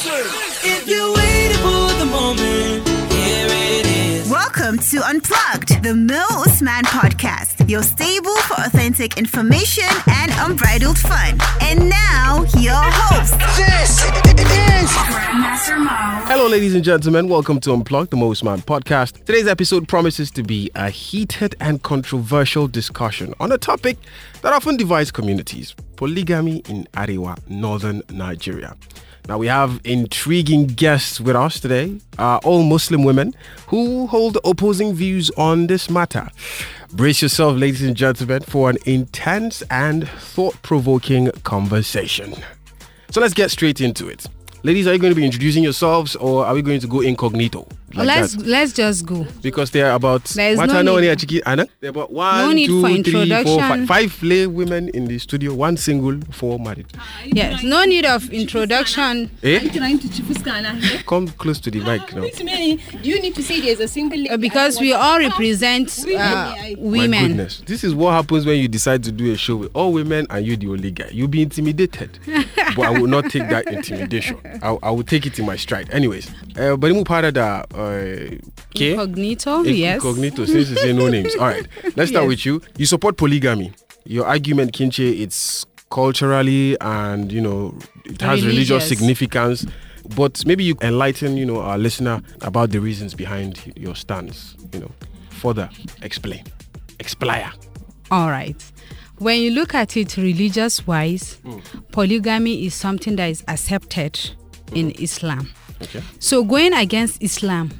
If you're waiting for the moment, here it is. Welcome to Unplugged, the Most Usman podcast, your stable for authentic information and unbridled fun. And now, your host. This is Grandmaster Mo. Hello, ladies and gentlemen. Welcome to Unplugged, the Most Usman podcast. Today's episode promises to be a heated and controversial discussion on a topic that often divides communities polygamy in Ariwa, northern Nigeria. Now, we have intriguing guests with us today, uh, all Muslim women who hold opposing views on this matter. Brace yourself, ladies and gentlemen, for an intense and thought provoking conversation. So, let's get straight into it. Ladies, are you going to be introducing yourselves or are we going to go incognito? Like let's that. let's just go because there are about there is no need. Chiki, Anna, ah, are about one, no need two, for introduction. Three, four, five, five lay women in the studio, one single, four married. yes, no need of introduction. Eh? Come close to the mic ah, now. Do you need to say there's a single? because we all represent uh, women. goodness, this is what happens when you decide to do a show with all women and you the only guy. You'll be intimidated, but I will not take that intimidation. I, I will take it in my stride. Anyways, uh, but parada. Uh, Incognito, yes. Incognito, since you say no names. All right, let's start yes. with you. You support polygamy. Your argument, Kinche, it's culturally and, you know, it has religious, religious significance but maybe you enlighten you know our listener about the reasons behind your stance you know further explain expire all right when you look at it religious wise mm. polygamy is something that is accepted mm. in islam Okay. So going against Islam,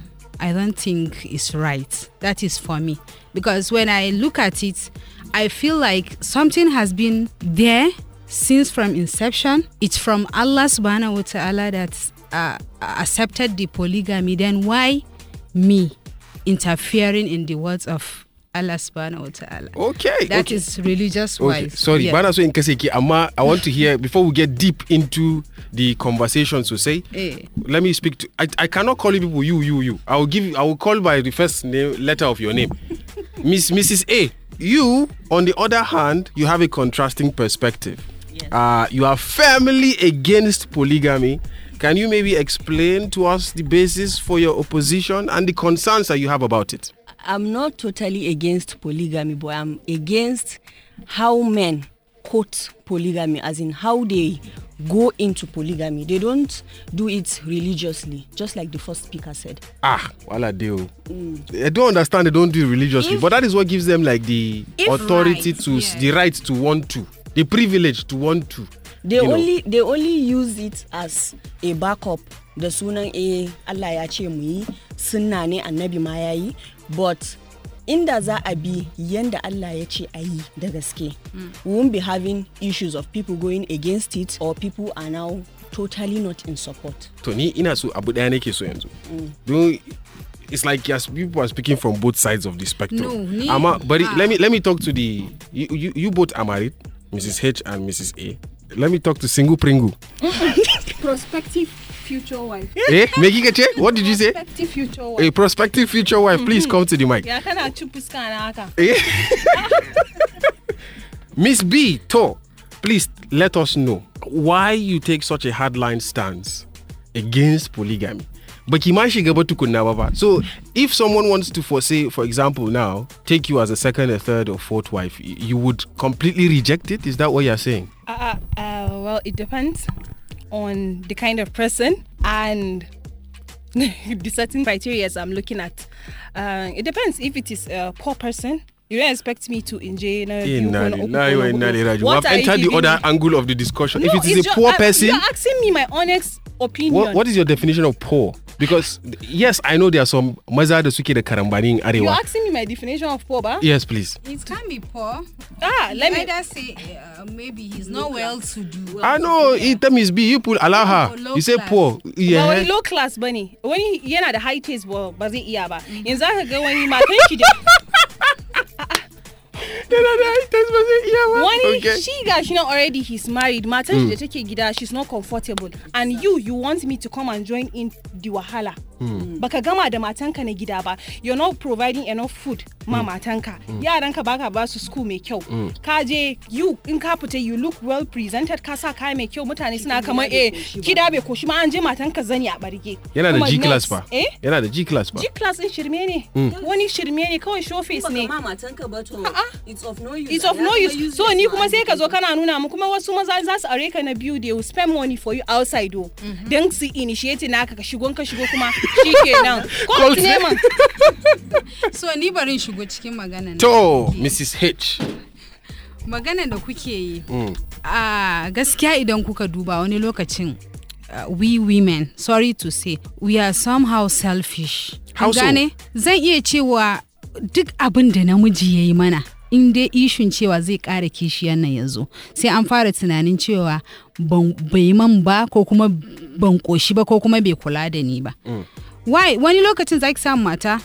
I don't think is right. That is for me because when I look at it, I feel like something has been there since from inception. It's from Allah subhanahu wa ta'ala that uh, accepted the polygamy. Then why me interfering in the words of Allah subhanahu wa ta'ala. Okay. that okay. is religious okay. wise. Sorry, yes. bana so in kaseki amma I want to hear before we get deep into the conversation to say eh. let me speak to I, I cannot call you people you you you. I will give I will call by the first name letter of your name. Miss Mrs. A. You on the other hand, you have a contrasting perspective. Yes. Uh, you are firmly against polygamy. Can you maybe explain to us the basis for your opposition and the concerns that you have about it? I'm not totally against polygamy, but I'm against how men quote polygamy, as in how they go into polygamy. They don't do it religiously, just like the first speaker said. Ah, wala mm. I don't understand. They don't do it religiously, if, but that is what gives them like the authority right, to yeah. the right to want to, the privilege to want to. They only know. they only use it as a backup. The sunan e eh, Allah ya ce mu yi, sunna ne annabi ma ya yi, but inda za a bi yanda Allah ya ce a yi da gaske we won't be having issues of people going against it or people are now totally not in support to ni ina so abu daya nake so yanzu it's like yes, people are speaking from both sides of the spectrum. No, nee. Ama, but ah. let me let me talk to the you, you, you both are married, Mrs. H and Mrs. A. Let me talk to single Pringle. Prospective future wife. eh? eh Megi Keche, what did you say? Prospective future wife. A prospective future wife, please hmm. come to the mic. Yeah, Eh? Miss B, To, please let us know why you take such a hardline stance against polygamy. But So if someone wants to for say, for example, now take you as a second, a third, or fourth wife, you would completely reject it. Is that what you're saying? Uh, uh, uh well, it depends on the kind of person and the certain criteria I'm looking at. Uh, it depends if it is a poor person. You don't expect me to enjoy. i have entered the other angle of the discussion. No, if it is a poor uh, person, you're asking me my honest opinion. What, what is your definition of poor? Because yes, I know there are some maza da suki da karambani You're asking me my definition of poor, ba? Yes, please. It can be poor. Ah, let me either say uh, maybe he's not well to do. Well I know it them is be you pull allow her. you say class. poor. Yeah. Well, low class bunny. bane. Wani yana the high taste ba zai iya ba. Yanzu aka when wani mad, shi da wani okay. shi ga shi already he's married matar mm. take gida she's not comfortable and you you want me to come and join in the wahala mm. baka gama da matanka na ba you're not providing enough food ma mm. matanka mm. yaranka baka ba su school mai kyau mm. ka je you in ka fita you look well presented ka sa kaya mai kyau mutane suna kama eh kida bai koshi ma an je matanka zani a barge yana da G class ba eh? yana da G class ba G class din shirme ne wani shirme ne kawai show face ne ma matanka ba to it's of no use it's of no use so ni kuma sai ka zo kana nuna mu kuma wasu maza za su are ka na biyu they will spend money for you outside oh. mm-hmm. do dan su initiate naka ka shigo ka shigo kuma shikenan ko ki neman so ni barin shigo shigo cikin magana to mrs h magana da kuke yi mm. a gaskiya idan kuka duba wani lokacin uh, we women sorry to say we are somehow selfish gane zan iya cewa duk abin da namiji ya yi mana in dai ishun cewa zai kara kishiyar nan yanzu sai an fara tunanin cewa bai man ba ko kuma ban ƙoshi ba ko kuma bai kula da ni ba mm. wani lokacin zaki samu mata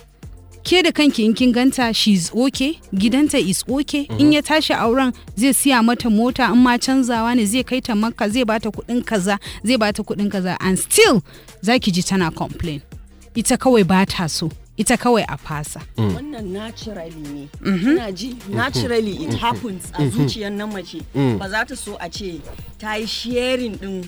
ke da kanki in kin ganta she's okay gidanta is okay in mhm. ya tashi auren zai siya mata mota in ma canzawa ne zai kai ta makka zai bata kuɗin kaza zai bata kuɗin kaza and still zaki ji tana complain ita kawai ba ta so ita kawai a fasa. Mm. Wannan naturally ne. Mhm. Ina ji mhm. naturally it happens a zuciyar na mace. Mm. Ba za ta so a ce ta yi sharing din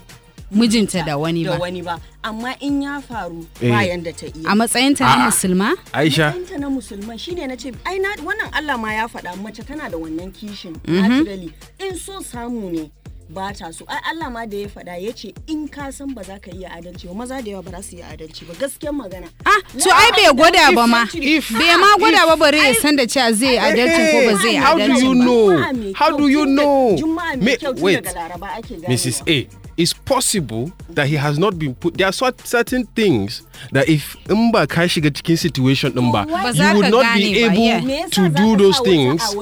mijinta da wani ba amma in ya faru bayan eh. da ta iya a matsayinta na musulma aisha matsayinta na musulma shine na ce ai na wannan Allah ma ya faɗa mace tana da wannan kishin mm-hmm. naturally in so samu ne ba ta so ai Allah ma da ya faɗa ya ce in ka san ba za ka iya adalci ba maza da yawa ba za su iya adalci ba gaskiyar magana ah to ai bai gwada ba ma bai ma gwada ba bare ya san da cewa zai adalci ko ba zai adalci ba how do you know how do you know juma'a mai kyau tun daga laraba ake gane mrs a it's possible that he has not been put. There are certain things that if umba kai get cikin situation umba, oh, you would not be able to do those things.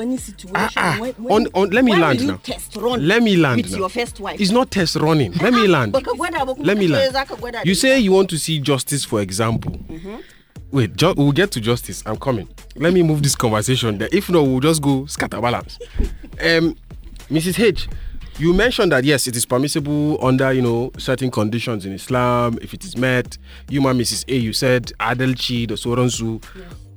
Ah, ah. on, on, let me land now. Let me land now. It's not test running. Let me ah, land. let me land. You say you want to see justice, for example. Mm-hmm. wait, ju- we'll get to justice. I'm coming. Let me move this conversation there. If not, we'll just go scatter balance. Um, Mrs. H, you mentioned that yes, it is permissible under you know certain conditions in Islam if it is met. You, ma, Mrs. A, you said adulchi, the soronzu.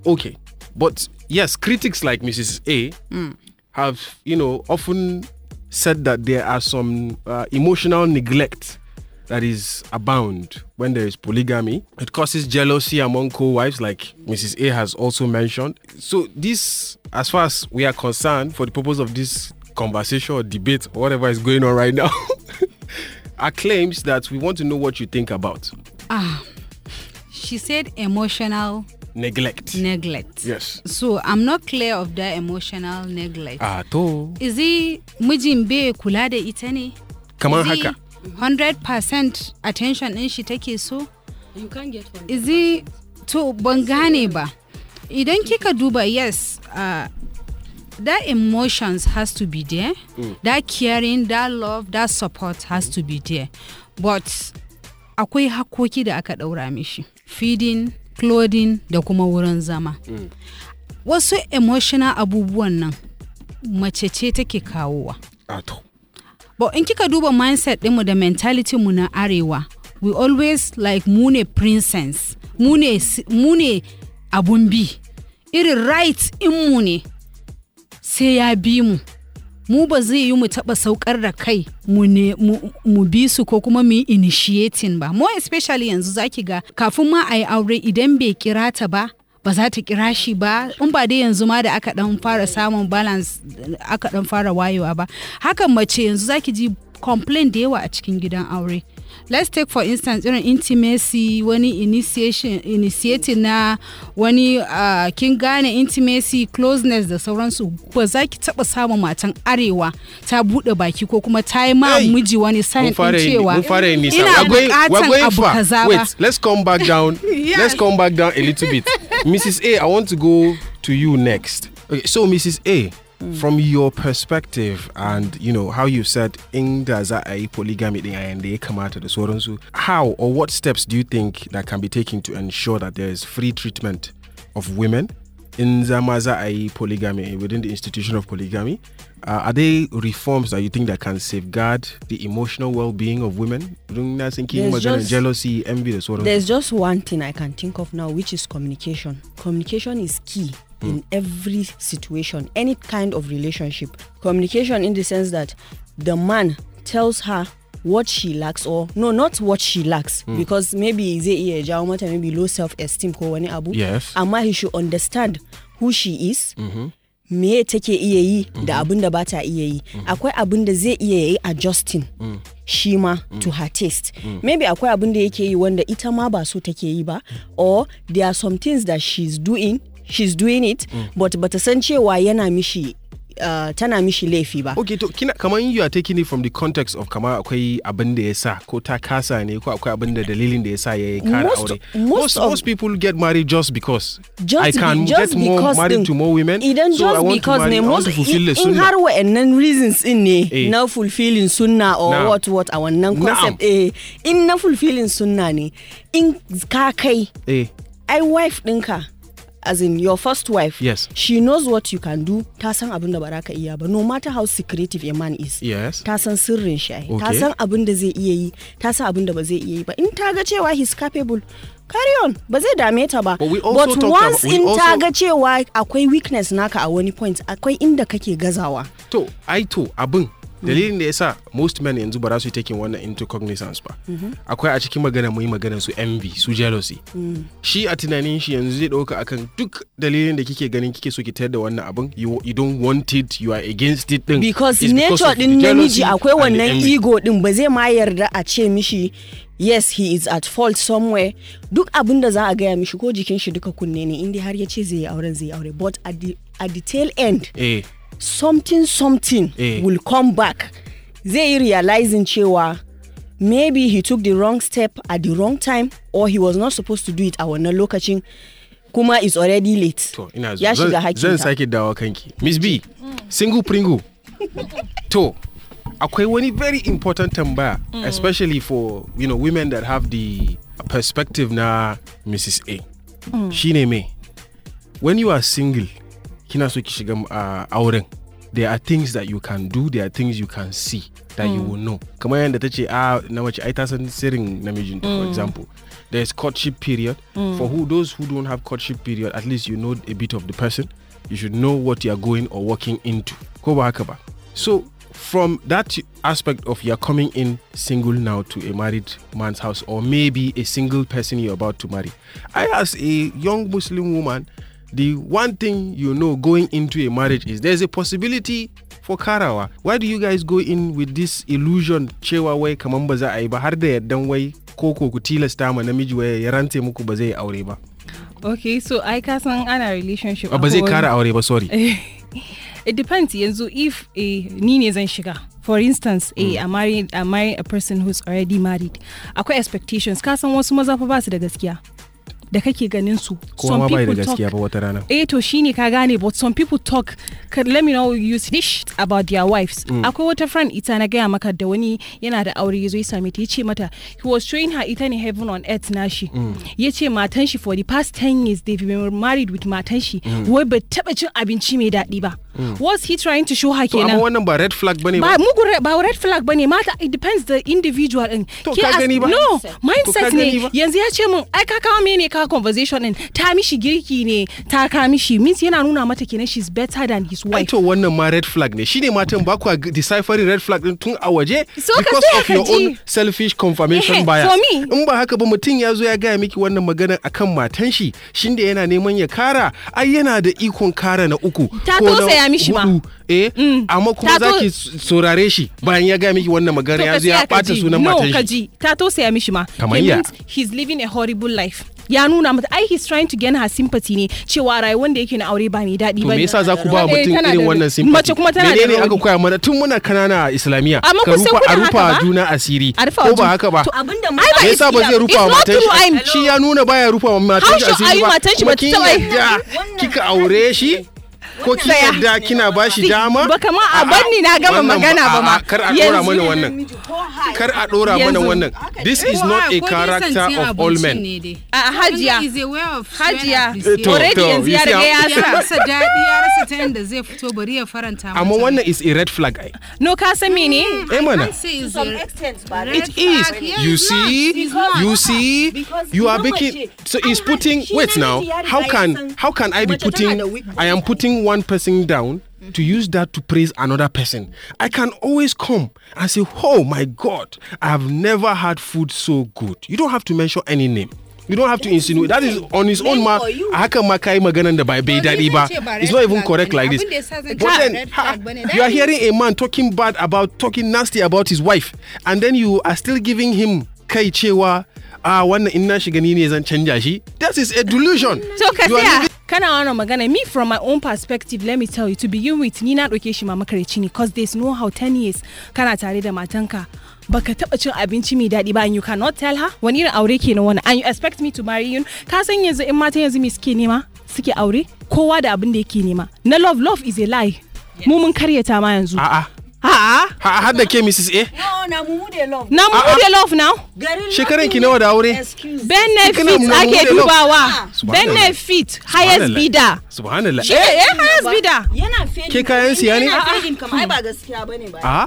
Okay, but yes, critics like Mrs. A mm. have you know often said that there are some uh, emotional neglect that is abound when there is polygamy. It causes jealousy among co-wives, like Mrs. A has also mentioned. So this, as far as we are concerned, for the purpose of this conversation or debate or whatever is going on right now are claims that we want to know what you think about. Ah, she said emotional neglect. Neglect. Yes. So I'm not clear of the emotional neglect. At ah, all. Is he mujimbe kulade itani? da haka. 100% attention ɗin she take so? You can get one. Is he to ban gane ba. Idan kika duba yes, uh, that emotions has to be there mm. that caring that love that support has mm. to be there but akwai hakoki da aka ɗaura mishi feeding clothing da kuma wurin zama mm. wasu emotional abubuwan nan mace ce take kawowa ah, but in kika duba mindset dinmu da mentality mu na arewa we always like mu ne princess mu ne abun bi irin right in mu ne sai ya bi mu mu ba zai yi mu taɓa saukar da kai mu bi su ko kuma mu yi initiating ba more especially yanzu zaki ga kafin ma a yi aure idan bai kira ta ba ba za ta kira shi ba in ba dai yanzu ma da aka dan fara samun balance aka dan fara wayewa ba hakan mace yanzu zaki ji complain da yawa a cikin gidan aure let's take for instance know, intimacy he initiation initiating na he, uh, king gane intimacy closeness The sauransu ba za ki taba samun matan arewa ta bude baki ko kuma ta yi ma miji wani sign din cewa ina bukatan let's come back down let's come back down a little bit mrs a i want to go to you next okay, so mrs a Mm. From your perspective, and you know how you've said in zai polygamy and they come out of the so how or what steps do you think that can be taken to ensure that there is free treatment of women in Zamaza ai polygamy within the institution of polygamy? Uh, are there reforms that you think that can safeguard the emotional well-being of women? There's just, jealousy, envy, the sort of. There's just one thing I can think of now, which is communication. Communication is key mm. in hmm. every situation, any kind of relationship. Communication in the sense that the man tells her what she lacks or no not what she lacks mm. because maybe zai iya jawo mata maybe low self esteem ko wani abu yes. amma he should understand who she is mm-hmm. take iya mm-hmm. yi mm-hmm. da abin da bata iya yi akwai abin da zai iya yi adjusting mm. shi ma mm. to her taste mm. maybe akwai abin da yake yi wanda ita ma ba so take yi ba mm. or there are some things that she's doing she's doing it mm. but bata san cewa yana mishi Uh, tana mishi laifi ba. okay to kina kamar you are taking it from the context of kamar akwai abin da ya sa ko ta kasa ne ko akwai abin da dalilin da ya sa ya kara aure. Most, most, most people get married just because. Just I can be, just get more married to more women. Idan so just I want because marry, ne most in, in har wa'annan reasons in ne eh. na fulfilling sunna or nah. what what a wannan concept nah. eh in na fulfilling sunna ne in ka kai eh. ai wife dinka. as in your first wife yes she knows what you can do ta san abin da ba za ka iya ba no matter how secretive a man is yes ta san sirrin shi okay. ta san abin da zai iya yi ta san abin da ba zai iya yi ba in ta ga cewa he's capable carry on ba zai dame ta ba but once in ta ga cewa akwai weakness naka a wani point akwai inda kake gazawa to ai to abin dalilin da ya sa most men yanzu ba za su yi taking wannan into cognizance ba mhm. akwai a cikin magana mu yi magana su envy su jealousy mm. shi a tunanin shi yanzu zai dauka akan duk dalilin da kike ganin kike so ki tayar da wannan abun you don't want it you are against it din because nature din namiji akwai wannan ego din ba zai ma yarda a ce mishi yes he is at fault somewhere duk abin da za a gaya mishi ko jikin shi duka kunne ne inda har ya ce zai yi auren zai yi aure but at the, at tail end eh. something something eh. will come back They yi realizing wa. maybe he took the wrong step at the wrong time or he was not supposed to do it a wannan lokacin kuma is already late to ina ya shiga hakinka zan sake dawo kanki miss b single pringle to akwai wani very important tambaya mm. especially for you know women that have the perspective na mrs a She mm. shine me when you are single kina so ah, auren there are things that you can do there are things you can see that mm. you hmm. will know kamar yadda ta a ah, na mace ai ta san sirrin namijinta for hmm. example there is courtship period mm. for who those who don't have courtship period at least you know a bit of the person you should know what you are going or walking into ko ba haka ba so from that aspect of you're coming in single now to a married man's house or maybe a single person you're about to marry i as a young muslim woman the one thing you know going into a marriage is there's a possibility for karawa why do you guys go in with this illusion cewa wai kaman ba za a yi ba har da yardan wai ko ko ku tilasta ma namiji wai ya rantse muku ba zai aure ba okay so ai ka san ana relationship ah, ba zai kara aure ba sorry it depends yanzu if a eh, ni ne zan shiga for instance eh, mm. eh, I marry, I a person who's already married akwai expectations ka san wasu maza fa ba su da gaskiya da kake ganin su some people talk eh to shine ka gane but some people talk let me know you dish about their wives mm. akwai wata friend ita na gaya maka da wani yana da aure yazo ya same ta yace mata he was showing her ita ne heaven on earth nashi mm. yace matan shi for the past 10 years they've been married with matan shi mm. wai ba taba cin abinci mai daɗi ba Mm. was he trying to show her kenan amma wannan ba red flag bane ba mugu ba red flag bane mata it depends the individual in to ka gani ba no mindset ne yanzu ya ce min ai ka kawo mene ka conversation din ta mishi girki ne ta ka mishi means yana nuna mata kenan she's better than his wife ai to wannan ma red flag ne shine matan ba ku deciphering red flag din tun a waje because of your own selfish confirmation bias for me in ba haka ba mutum ya zo ya gaya miki wannan magana akan matan shi shin da yana neman ya kara ai yana da ikon kara na uku ta tausaya mishi ya ga miki wannan magana ya zo ya ɓata sunan ta tausaya mishi ma kamar ya he's living ya nuna mata ai he's trying to gain her sympathy ne cewa rayuwar da yake na aure ba mai daɗi ba me yasa za ku ba wa eh, mutum irin wannan sympathy mace kuma tana da menene aka koya mana tun muna kanana a islamiya ka rufa a rufa juna asiri ko ba haka ba me yasa ba zai rufa matan shi shi ya nuna baya rufa matan shi asiri ba kuma kin kika aure shi ko kina bashi dama ba kama a banni na gama magana ba ma kar a dora mana wannan kar a dora mana wannan this is not a character of all men a hajiya hajiya eh, already yanzu ya riga ya rasa daɗi ya rasa ta yanda zai fito bari ya faranta amma wannan is a red flag no ka san mene hmm, eh mana it is you see you see you are making so is putting wait now how can how can i be putting i am putting one one person down mm-hmm. to use that to praise another person. I can always come and say, Oh my God, I've never had food so good. You don't have to mention any name. You don't have to insinuate. That is on his own ma. makai It's not even correct like this. But then ha, you are hearing a man talking bad about talking nasty about his wife, and then you are still giving him kai chewa. Ah, one inna shi gani ne zan canja shi. That is a delusion. So you kana magana me from my own perspective let me tell you to begin with ni na ɗauke shi ma makareci ne cause there's no how 10 years kana tare da matanka baka taba cin abinci mai daɗi ba and you cannot tell her wani irin aure kenan one and you expect me to marry you ka san yanzu in mata yanzu me suke nema suke aure kowa da abin da yake nema na love love is a lie mu mun karyata ma yanzu a'a Ha? Ha? Had the key, Mrs. A? No, na mumu de love. Na mumu de ah, ah. love now? Shekaran ki nawa da aure? Benefit ake dubawa. Ah. Benefit highest bidder. Subhanallah. Shi eh, eh highest bidder. Yana fading. Ke kayan siya ne? Yana fading kam ai ba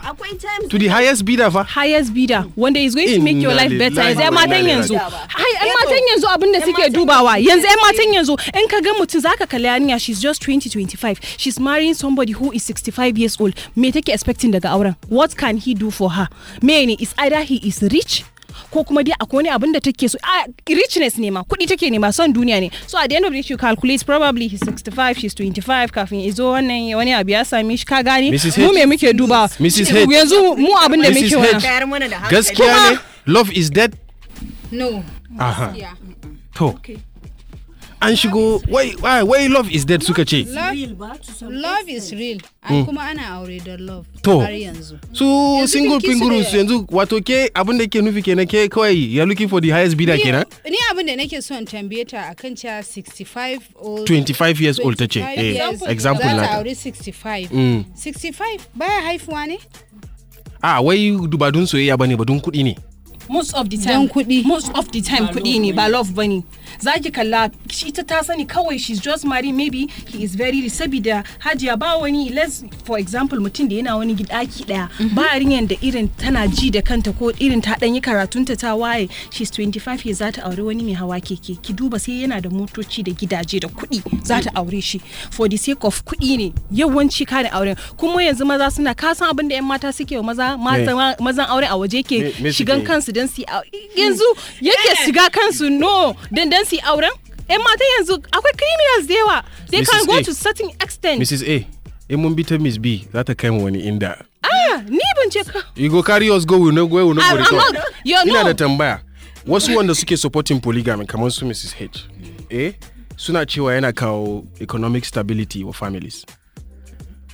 to the highest bidder va? Highest bidder One day is going to make your life better. Yanzu ai matan yanzu. Ai ai matan yanzu abin da suke dubawa. Yanzu ai matan yanzu in ka ga mutum zaka kalli aniya she's just 20 25. She's marrying somebody who is 65 years old. Me take expecting mutum daga auren what can he do for her mene is either he is rich ko kuma dai akwai wani abin da take so a ah, richness ne ma kuɗi take ma son duniya ne so at the end of the day you calculate probably he's 65 she's 25 kafin izo wannan wani abu ya same shi ka gani mu me muke duba yanzu mu abin da muke wani gaskiya ne love is dead no to an shigo wai wai love is dead suka ce love is real hmm. kuma ana aure da love to su single pingurus yanzu wato ke abin da ke nufi kenan ke kawai ya looking for the highest bidder kenan ni abin da nake son tambaye ta akan cha 65 old 25 years old ta ce eh, example na ta 65 65 hmm. baya haifuwa ne a ah, wai dubadun soyayya bane badun kuɗi ne most of the time kuɗi most of the time kudi ne ba love bane zaki kalla shi ta ta sani kawai she's just married maybe he is very saboda hajiya ba wani let's for example mutum da yana wani gidaki daya mhm. ba rinyan da irin tana ji da kanta ko irin ta dan karatun karatunta ta waye she's 25 years za ta aure wani mai hawa keke ki duba sai yana da motoci da gidaje da kuɗi za ta aure shi for the sake of kuɗi ne yawanci ka da aure kuma yanzu maza suna kasan abin da yan mata suke wa maza mazan aure a waje ke shigan kansu da dan su yanzu yake shiga kansu no dandansi su auren yan eh, mata yanzu akwai criminals da yawa they can go to certain extent Mrs. A in mun bi ta Miss B za ta kai mu wani inda ah ni ban ce ka you go carry us go we no go we no go return ina da tambaya wasu wanda suke supporting polygamy kamar su Mrs. H eh suna cewa yana kawo economic stability wa families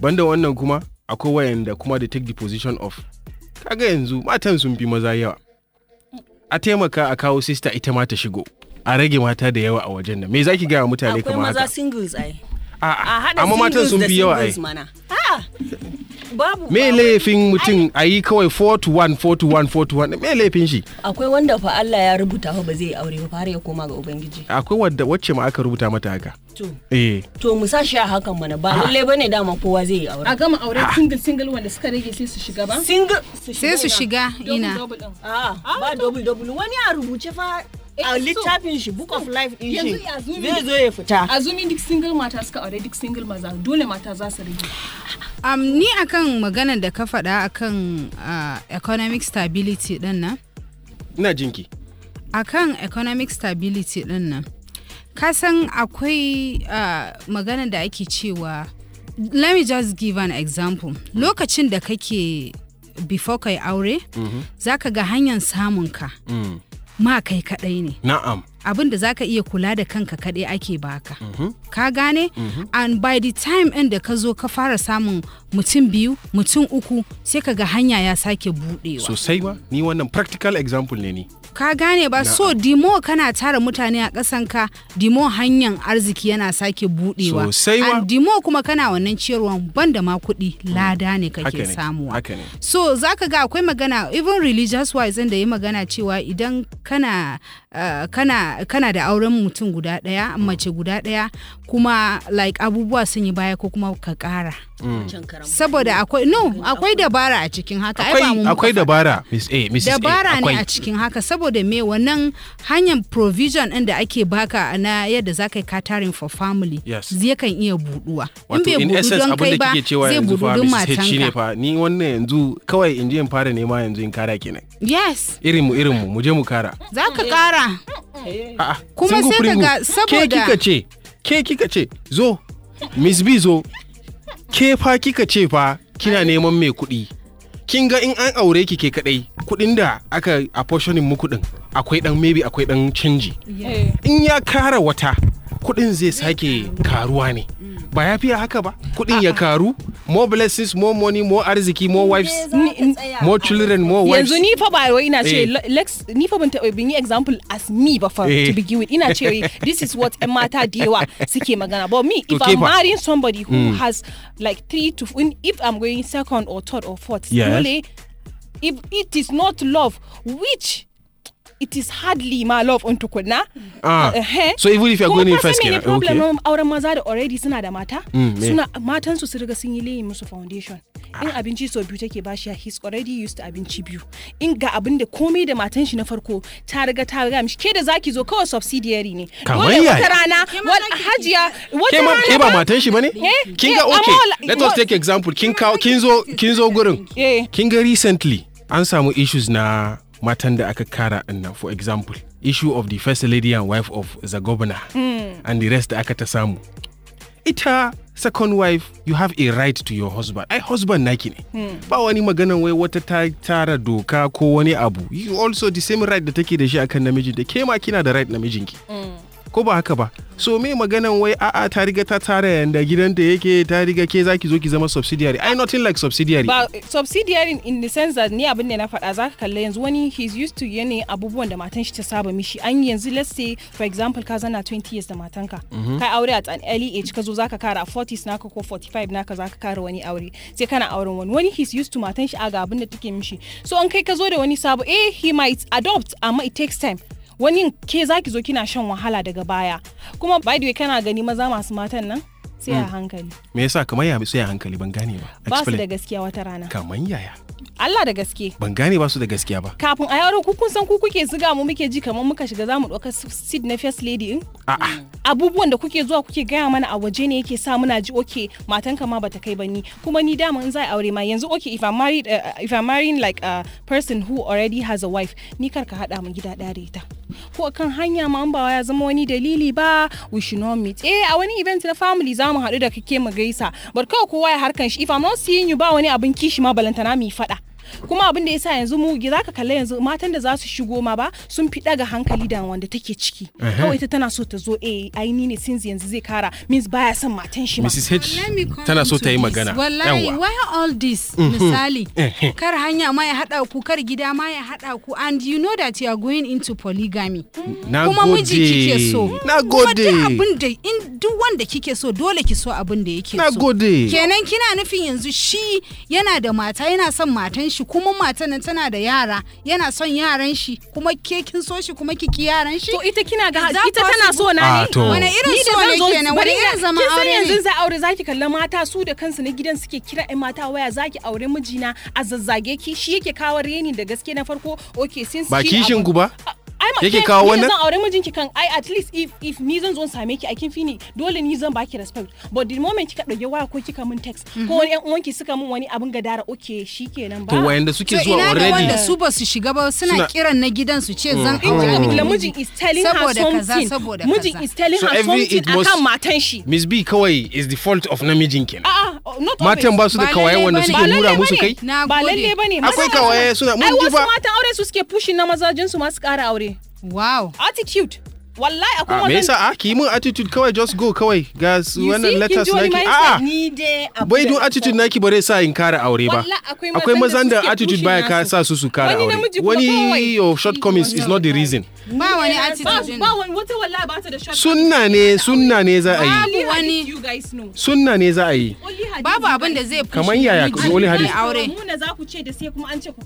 banda wannan kuma akwai wayanda kuma da take the position of kaga yanzu matan sun fi maza yawa a taimaka a kawo sista ita ma ta shigo a rage mata da yawa a wajen nan me zaki gaya mutane kamar haka akwai maza singles ai a amma matan sun fi yawa ai babu me laifin mutum a yi kawai 4 to 1 4 1 4 1 me laifin shi akwai wanda fa Allah ya rubuta fa ba zai aure ba fara ya koma ga ubangiji akwai wadda wacce ma aka rubuta mata haka to eh mu sa shi a hakan mana ba lalle ne dama kowa zai yi aure a gama aure single single wanda suka rage sai su shiga ba single sai su shiga ina ah, ba double double wani a rubuce fa a littafin shi book of life in shi zai zo ya fita azumi duk single mata suka aure duk single maza dole mata za su rage um, ni akan magana da ka faɗa akan uh, economic stability din nan ina jinki akan economic stability din nan san akwai uh, magana da ake cewa let me just give an example lokacin da kake before kai aure mm -hmm. za ka ga hanyar samunka mm. ma kai kaɗai ne. Na'am. Abin da zaka iya kula da kanka kaɗai ake baka. Mhm. Ka gane? Mm -hmm. And by the time in da ka zo ka fara samun mutum biyu, mutum uku, sai ka ga hanya ya sake buɗewa. Sosai ba, ni wannan practical example ne ni. ka gane ba so dimo kana tara mutane a ka dimo hanyar arziki yana sake budewa so, dimo kuma kana wannan ciyarwan banda ma kuɗi mm. lada ne kake samuwa so za ka ga akwai magana even religious wise da yi magana cewa idan kana uh, kana da auren mutum guda ɗaya mace guda ɗaya kuma like abubuwa sun yi baya ko kuma ka ƙara Mm. saboda akwai no akwai dabara a cikin haka ai ba mu akwai dabara miss a mrs dabara ne a cikin haka saboda me wannan hanyar provision din da ake baka na yadda zaka ka tarin for family zai kan iya buduwa in bai budu don kai ba zai budu don matanka fa ni wannan yanzu kawai in je in fara nema yanzu in kara kenan yes irin mu irin mu mu je mu kara zaka kara kuma sai kaga saboda ke kika ce ke kika ce zo miss b zo ke fa kika ce fa kina neman mai kuɗi kin ga in an aure ki ke kaɗai kuɗin da aka a portionin muku din akwai ɗan maybe akwai ɗan canji in ya kara wata kuɗin zai sake karuwa ne mm. ba ya fiya haka ba kuɗin ya karu more blessings more money more ariziki, more wives more children more wives yanzu ni fa ba wai ina ce eh. lex ni fa ban taɓa bin an example as me ba fa to eh. begin with ina ce this is what ƴan mata da yawa suke magana but me if I'm marrying somebody who hmm. has like three to if I'm going second or third or fourth dole if it is not love which it is hardly my love in tukunna ah uh, so even if you are going in first kenan problem okay. Um, auren maza da already suna da mata mm, suna matan su riga sun yi layi musu foundation in ah. abinci so biyu take bashi he's already used to abinci biyu in ga abin da komai da matan shi na farko ta riga ta riga mishi ke da zaki zo kawai subsidiary ne kamar ya wata rana hajiya wata rana ke ba matan shi bane eh, kin ga eh, okay let us take example kin kawo kin zo kin zo gurin eh. kin ga recently an samu issues na matan da aka kara nan uh, for example issue of the first lady and wife of the governor mm. and the rest da aka ta samu ita uh, second wife you have a right to your husband ai husband naki ne mm. ba wani maganan wai wata ta tara doka ko wani abu you also the same right da take da shi akan namiji da ke ma kina da right namijinki mm. ko ba haka ba so me maganan wai a'a ta riga ta tara yanda gidanta yake ta riga ke zaki zo ki zama subsidiary i nothing like subsidiary ba subsidiary in the sense that ni abin da na faɗa zaka kalla yanzu wani is used to yanayin abubuwan da matan shi ta saba mishi an yanzu let's say for example ka zana 20 years da mhm. ka. kai aure at an early age ka zo zaka kara a 40s naka ko 45 naka zaka kara wani aure sai kana auren wani wani is used to matan shi ga abin da take mishi so an kai ka zo da wani sabo eh he might adopt amma it takes time wani ke zaki zo kina shan wahala daga baya kuma by the way kana gani maza masu matan nan sai a mm. hankali me yasa kamar ya sai a hankali ban gane ba ba su da gaskiya wata rana kamar yaya Allah da gaske ban gane ba su da gaskiya ba kafin a yaro kun san ku kuke ziga mu muke ji kamar muka shiga zamu ɗauka seed na first lady in a abubuwan da kuke zuwa kuke gaya mana a waje ne yake sa muna ji oke matanka ma bata kai ba ni kuma ni dama in zai aure ma yanzu oke if I'm married uh, if I'm marrying like a person who already has a wife ni kar ka haɗa mu gida ɗaya da ita ko kan hanya ma an ba ya zama wani dalili ba we should not meet eh a wani event na family za za mu haɗu da kake mu gaisa but kowa ya harkan shi if i'm not seeing you ba wani abin kishi ma balantana mu yi faɗa kuma abin da yasa yanzu mu za ka kalla yanzu matan da za su shigo ma ba sun fi daga hankali da wanda take ciki kawai ita tana so ta zo eh aini ne since yanzu zai kara means baya son matan shi ma Mrs H tana so ta yi magana wallahi why all this mhm. misali kar hanya ma ya hada ku kar gida ma ya hada ku and you know that you are going into polygamy kuma miji kike so na gode abin da in duk wanda kike so dole ki so abin da yake so na gode kenan kina nufin yanzu shi yana da mata yana son matan shi kuma matan nan tana da yara yana son yaran shi kuma ke kin so shi kuma kiki yaran shi to ita kina ga ita tana so na ne wani irin so ne kenan wani irin zama aure ne yanzu za aure zaki kalla mata su da kansu na gidan suke kira ɗan mata waya zaki aure mijina a zazzage ki shi yake kawo reni da gaske na farko okay since ba kishin ku ba yake kawo wannan zan aure mijinki kan ai at least if if ni zan zo same ki a kin fini dole ni zan baki respect but the moment kika dauke waya ko kika mun text ko mhm. wani yan uwanki suka mun wani abin gadara okay shikenan ba to wayanda suke zuwa already wanda su ba su shiga ba suna kiran na gidan su ce zan aure mijin is telling her something mijin is telling her something akan matan shi miss b kawai is the fault of namijin kenan matan ba su da kawaye wanda suke nura musu kai ba lalle bane akwai kawaye suna mun duba ai wasu matan aure su suke pushing na mazajin su masu kara aure wow attitude wallahi akwai wannan ah, me yasa a ah, ki mun attitude kawai just go kawai ga wannan letters naki a a ah, bai don attitude naki bare sa in kare aure ba akwai mazan da attitude baya ka sa su su kare aure wani your shortcomings is not the reason ba wani attitude ba wani wata wallahi ba ta da shortcomings sunna ne sunna ne za a yi wani sunna ne za a yi babu abin da zai fushi kamar yaya wani hadis mun za ku ce da sai kuma an ce ku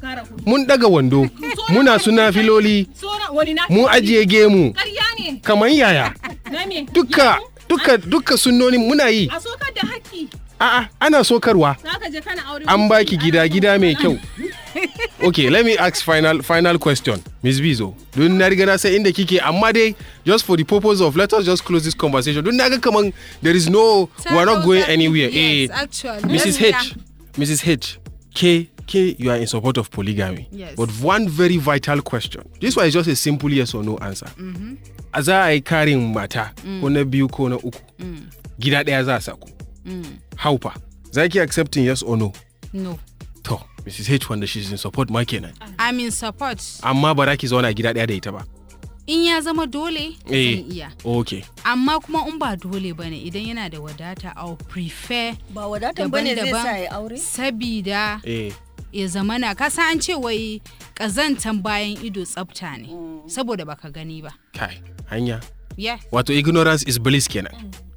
mun daga wando muna suna filoli mun ajiye gemu Kamar yaya? Duka duka duka sunnonin muna yi. A sokar da haƙƙi. A'a ana sokarwa. An baki gida gida mai kyau. okay, let me ask final final question, Ms. Bizo. Don na riga na sai inda kike amma dai just for the purpose of let us just close this conversation. Don na ga kaman there is no we're not going anywhere. eh, actually. Mrs. H. Mrs. H. K okay, you are in support of polygamy. Yes. But one very vital question. This one is just a simple yes or no answer. Mm-hmm. A za a yi mata mm. ko na uku. Mm. Gida ɗaya za a sako. Mm. Haufa. accepting yes or no? No. To, Mrs. H wanda she's in support ma kenan. I'm in support. Amma ba za ki gida ɗaya da ita ba. in ya zama dole hey. zan eh, iya okay. amma kuma in ba dole bane idan yana da wadata au prefer ba wadatan bane zai sa aure sabida Eh. ya zamana ka an ce wai kazantan bayan ido tsafta ne saboda baka gani ba kai hanya Ya. wato ignorance is bliss kenan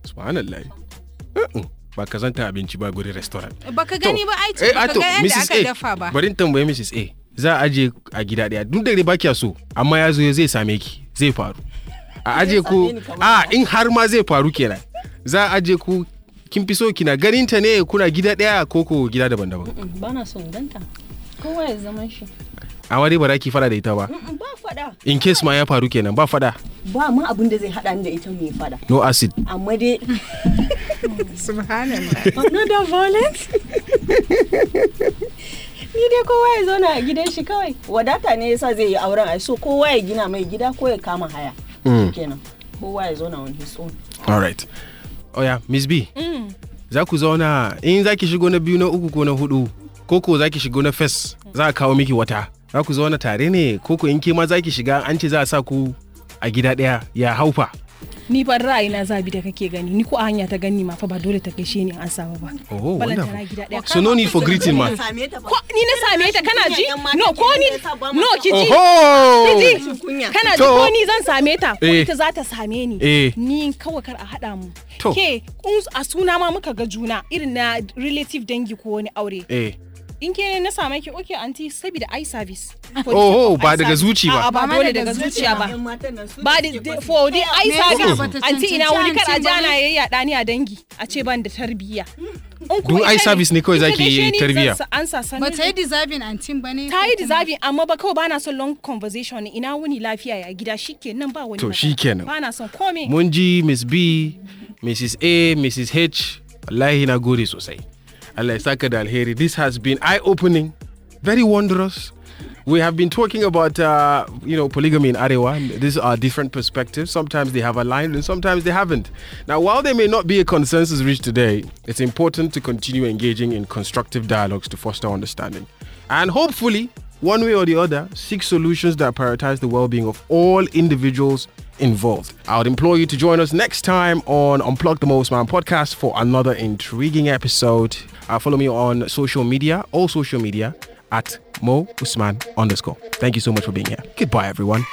subhanallah ba kazanta abinci ba guri restaurant baka gani ba ai eh, baka ga yadda aka dafa ba bari in tambaye Mrs A za a aje a gida daya duk da baki kiya so amma ya zo zai same ki zai faru a aje ku a in har ma zai faru kenan za a aje ku kin fi so kina ganin ta ne kuna gida daya ko ko gida daban-daban ba na son ganta kowa ya zaman shi a wani ba ki fada da ita ba ba fada in case ma ya faru kenan ba fada ba ma abin da zai hada ni da ita mai fada no acid amma dai subhanallah another violence ni dai kowa ya zauna a gidan shi kawai wadata ne yasa zai yi auren a so kowa ya gina mai gida ko ya kama haya mm. kenan kowa ya zauna on his own all right oya miss b mm. za ku zauna in za ki shigo na biyu na uku ko na hudu ko ko za ki shigo na fes za a kawo miki wata za ku zauna tare ne ko ko in ke ma za ki shiga an ce za a sa ku a gida ɗaya ya haufa ni ra'ayi ra'ayina zabi da kake gani ni ko a hanya ta gani ma fa ba dole ta kai shi ne an samu ba oh wonderful so no need for greeting ma ko ni na same ta kana ji no ko ni no ki ji ji kana ji ko ni zan same ta ko eh. ita za ta same ni eh. ni kawai kar a hada mu ke a suna ma muka ga juna irin na relative dangi ko wani aure eh. in ke na same ki oke anti saboda i service oh ba daga zuci ba ba dole daga zuciya ba ba for the i service anti ina wani kar a jana yayi ya dani a dangi a ce ban da tarbiyya hmm. Dun ai service ne kawai zaki yi tarbiya. Ba ta yi deserving antin ba ne. Ta yi deserving amma ba kawai bana son long conversation ina wuni lafiya ya gida shikenan ba wani. To shikenan. Bana son komai. Mun ji Miss B, Mrs A, Mrs H, wallahi na gode sosai. Alessaka Dalheri. This has been eye-opening, very wondrous. We have been talking about, uh, you know, polygamy in Arewa. These are different perspectives. Sometimes they have aligned and sometimes they haven't. Now, while there may not be a consensus reached today, it's important to continue engaging in constructive dialogues to foster understanding. And hopefully, one way or the other, seek solutions that prioritize the well being of all individuals involved. I would implore you to join us next time on Unplug the Most Man podcast for another intriguing episode. Uh, follow me on social media, all social media at Mo Usman underscore. Thank you so much for being here. Goodbye, everyone.